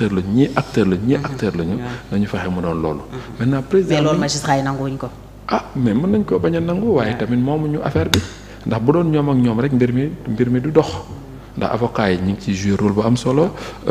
acteur lañ ñii acteur lañ ñii acteur lañu mm-hmm. nañu fexe mu doon loolu mm-hmm. maintenant président mais loolu magistrat yi ko ah, mais mën nañ koo bañ a nangu waaye tamit moomuñu affaire bi ndax bu doon ñoom ak ñoom rek mbir mi mbir mi du dox ndax avocat yi ñu ngi ciy joué rôle bu am solo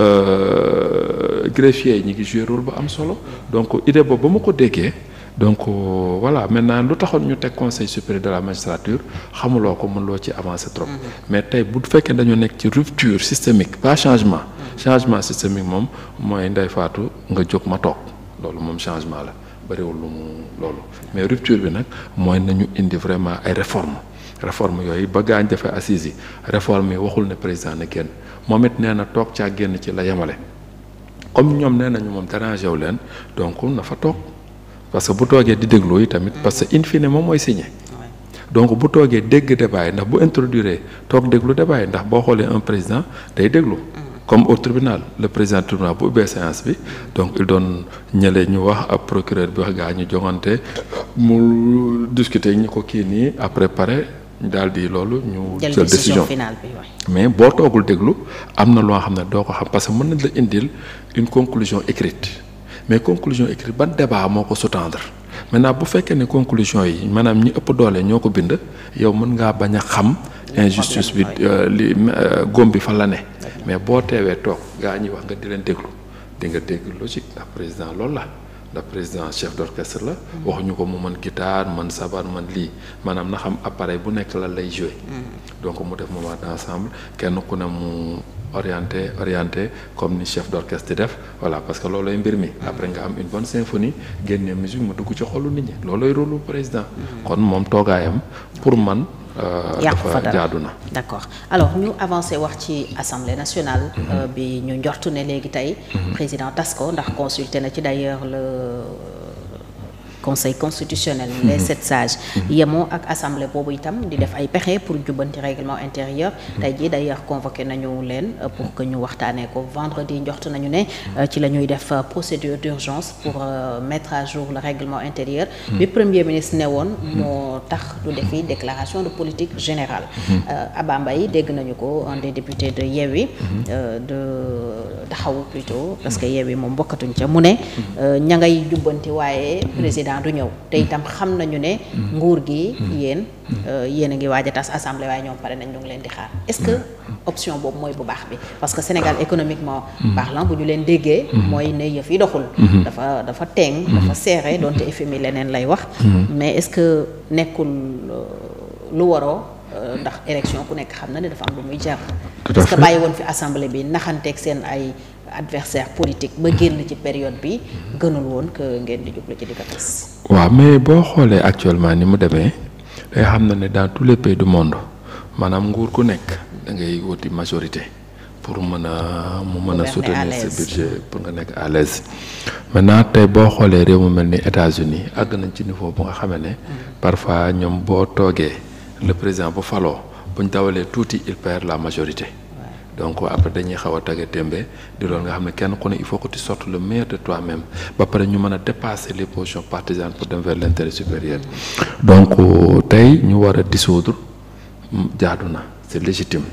euh, greffier yi ñu ngi joué rôle bu am solo donc idée boobu ba mu ko déggee donc euh, voilà maintenant lu taxoon ñu teg conseil supérieur de la magistrature xamuloo ko mën loo ci avancer trop mm-hmm. mais tey bu fekkee dañoo nekk ci rupture systémique pas changement changement systémique moom mooy Ndeye faatu nga jóg ma toog loolu moom changement la bëriwul lu mu loolu mais rupture bi nag mooy nañu indi vraiment ay réformes réforme yooyu ba gaañ defee assises yi réformes yi waxul ne président na génn moom it nee na toog caa génn ci la yemale comme ñoom nee nañu moom dérangé wu leen donc na fa toog parce que bu toogee di déglu yi tamit parce que in fine moom mooy signé. donc bu toogee dégg débat yi ndax bu introduire toog déglu débat yi ndax boo xoolee un président day déglu comme au tribunal le président tribunal bu ubbee séance bi donc il doon ñële ñu wax ab procureur bi wax gaa ñu joxante mu discuter ñu ko kii nii après pare daal di loolu ñu jël décision finale bi mais boo toogul déglu am na loo xam ne doo ko xam parce que mën na la indil une conclusion écrite mais conclusion écrite ban débat moo ko sous-tendre maintenant bu fekkee ne conclusion yi maanaam ñi ëpp doolee ñoo ko bind yow mën ngaa bañ a xam injustice bi euh, li euh, góom bi fan la ne mais boo teewee toog gaa ñi wax nga di leen déglu di nga dégg logique ndax président loolu la ndax président chef d'orchestre la. Mm. waxuñu ko mu mën guitare man sabar man lii maanaam na xam appareil bu nekk lan lay jouer. Mm. donc mu def moment d'ensemble kenn ku ne mu orienté orienté comme ni chef d'orchestre di def wala parce que loolooy mbir mi. Mm. après nga am une bonne symphonie génne musique mu dugg ci xolu nit ñi loolooy rôle président. kon moom toogaayam pour man. Euh, dafa jaadu na d' accord alors ñu avancé wax ci assemblée nationale. Mhm. Euh, bi ñu njortu ne léegi tey. Mhm. président tas ko ndax consulté na ci d' ailleurs le. conseil constitutionnel mhm. les sept sages mhm. yemoo ak assemblée boobu itam di def ay pexe pour jubbanti règlement intérieur mhm. tey jii d'ailleurs convoqué nañu leen euh, pour que ñu waxtaanee ko vendredi njort nañu ne euh, ci la ñuy def euh, procédure d'urgence pour mettre à jour le règlement intérieur bi premier ministre ne woon moo tax du defi déclaration de politique générale Abba Mbaye dégg nañu ko un des députés de Yewwi taxawu plutôt parce que yi moom bokkatuñ ca mu ne euh, ñangay ngay jubbanti waaye président du ñëw te itam xam nañu ne nguur gi yéen euh, yéen a ngi waaj a tas assemblée waaye ñoom pare nañ ñu leen di xaar est-ce que option boobu mooy bu baax bi parce que Sénégal économiquement parlant bu ñu leen déggee mooy ne yëf yi doxul dafa dafa teeng dafa serré donte mi leneen lay wax mm-hmm. mais est-ce que nekkul euh, lu waroo Euh, ndax élection ku nekk xam na ne dafa am lu muy jar parce que bàyyi woon fi assemblée bi naxanteeg seen ay adversaire politique ba génn ci période bi gënul woon que ngeen di jublu ci di ko tas waaw mais boo xoolee actuellement ni mu demee xam na ne dans tous les pays du maanaam nguur ku nekk ngay wuti majorité pour mën a mu mën a soutenir pour nga nekk à l'aise maintenant tey boo xoolee réew mu mel ni États-Unis àgg nañ ci niveau bu nga xamee ne mm. parfois ñoom boo toogee le président bu faloo bu ñu dawalee tuuti il perd la majorité. donc après dañuy xaw a tagge témbe di lool nga xam ne kenn ku ne il faut que tu sortes le meilleur de toi-même ba pare ñu mën a dépasser les positions partisanes pour dem vers l'intérêt supérieur donc euh, tey ñu war a dissoudre jaadu na c'est légitime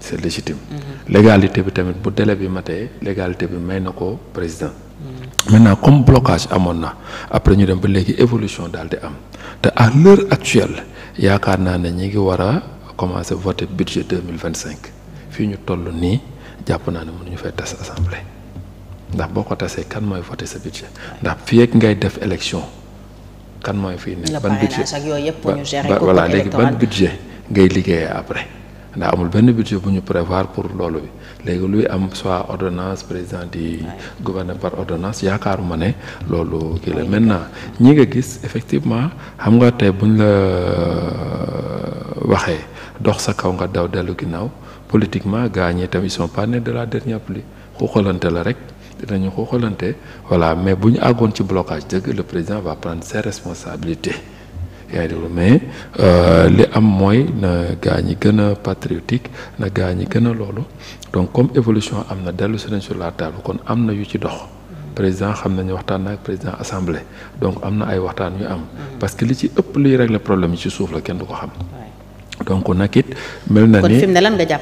c'est légitime mm-hmm. l'égalité bi tamit bu délai bi matee l'égalité bi may na ko président mm. maintenant comme blocage amoon na après ñu dem ba léegi évolution daal di am te à l'heure actuelle yaakaar naa ne ñi ngi war a commencer voter budget deux mille vingt cinq fii ñu toll nii jàpp naa ne mënuñu fay tas assemblée ndax boo ko tasee kan mooy voter sa budget ndax fii yëg ngay def élection kan mooy fii nekk ban budget voilà léegi ban budget ngay liggéeyee après ndax amul benn budget bu ñu prévoir pour loolu bi léegi luy am soit ordonnance président di gouverner par ordonnance yaakaaruma ne loolu kii la maintenant ñi nga gis effectivement xam nga tey buñ la euh, waxee dox sa kaw nga daw dellu ginnaaw politiquement gars ñi tam ils sont pas nés de la dernière pluie xuuxalante la rek dinañu xuuxalante voilà mais bu ñu àggoon ci blocage dëgg le président va prendre ses responsabilités yaay déglu mais euh, li am mooy na gaa ñi gën a patriotique na gaa ñi gën a loolu donc comme évolution am na dellu si nañ sur la table kon am na yu ci dox président xam nañu waxtaan na président assemblée donc am na ay waxtaan yu am parce que li ci ëpp luy régler problème yi ci suuf la kenn du ko xam. donc nag it mel na ni kon fi mu ne lan nga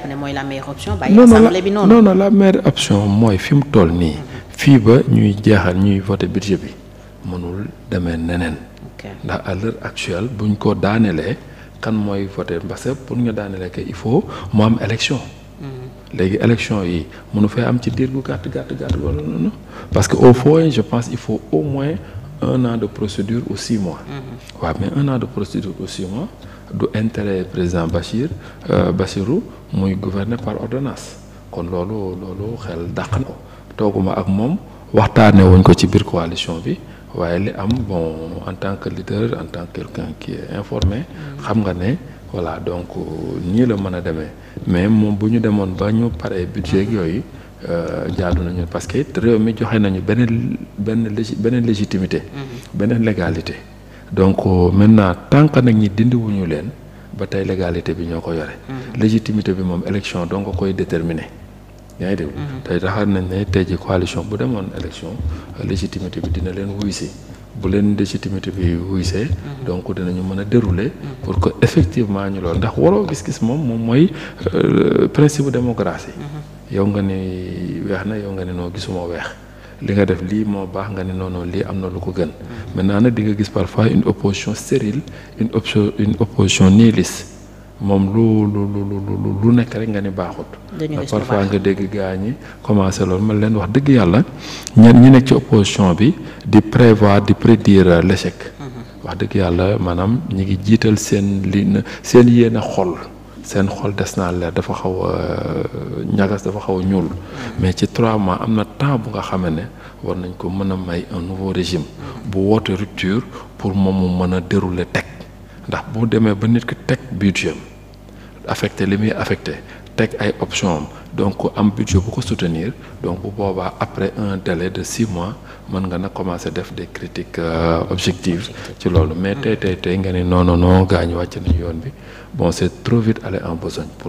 noonu la meilleure option mooy fi mu toll nii. Mhm. fii ba ñuy jeexal ñuy voté budget bi mënul demee neneen. ndax à l'heure actuelle buñ ko daaneele kan mooy voté parce que pour ñu daanelee que il faut mu am élection. Mm-hmm. léegi élection yi mënu fee am ci diir gu gàtt gàtt gàtt wala noonu parce que au fond je pense il faut au moins un an de procédure aussi six waaw mm-hmm. mais un an de procédure du intérêt président Bachir euh, Bachirou muy gouverner par ordonnance kon loolu loolu xel dàq ko tooguma ak moom waxtaanee wuñ ko ci biir coalition bi. waaye li am bon en tant que leader en tant que quelqu'un qui est informé xam nga ne voilà donc ñii la mën a demee mais moom bu ñu demoon ba ñu paree budget yooyu euh, jaadu nañu parce que it réew mi joxe nañu beneen benn légi beneen légitimité mhm. beneen légalité donc euh, maintenant tant que nag ñi dindiwuñu leen ba tey légalité bi ñoo ko yore mhm. légitimité bi moom élection donc koy déterminer yaa ngi dégg. Mhm. tey taxaar nañ ne tey ji coalition bu demoon élection légitimité bi dina leen wuysi bu leen légitimité bi wuysee mhm. donc ñu mën a dérouler mhm. pour que effectivement ñu loolu ndax waroo gis-gis moom moom mooy euh, principe démocratie yow nga ni weex na yow nga ni noo gisuma weex li nga def lii moo baax nga ne noonu lii am na lu ko gën maintenant na di nga gis parfois une opposition stérile une opposition une opposition moom lu lu lu lu lu nekk rek nga ni baaxut. parfois nga dégg gaa ñi commencé loolu man leen wax dëgg yàlla ñenn ñi nekk ci opposition bi di prévoir di prédire l'échec. Mhm. wax dëgg yàlla maanaam ñi ngi jiital seen li seen yéene xol. seen xol des naa leer dafa xaw a ñagas dafa xaw a ñuul mhm. mais ci trois mois am na temps bu nga xamee ne war nañ ko mën a may un nouveau régime mhm. bu woote rupture pour moom mu mën a dérouler teg ndax boo demee ba nit ki teg budget affecté li muy affecté teg ay option am donc am budget bu ko soutenir donc bu boobaa après un délai de six mois mën nga ne commencer def des critiques euh, objectives ci loolu mais tey tey tey nga ni non noo non gaañu wàcc nañu yoon bi bon c'est trop vite aller en besogne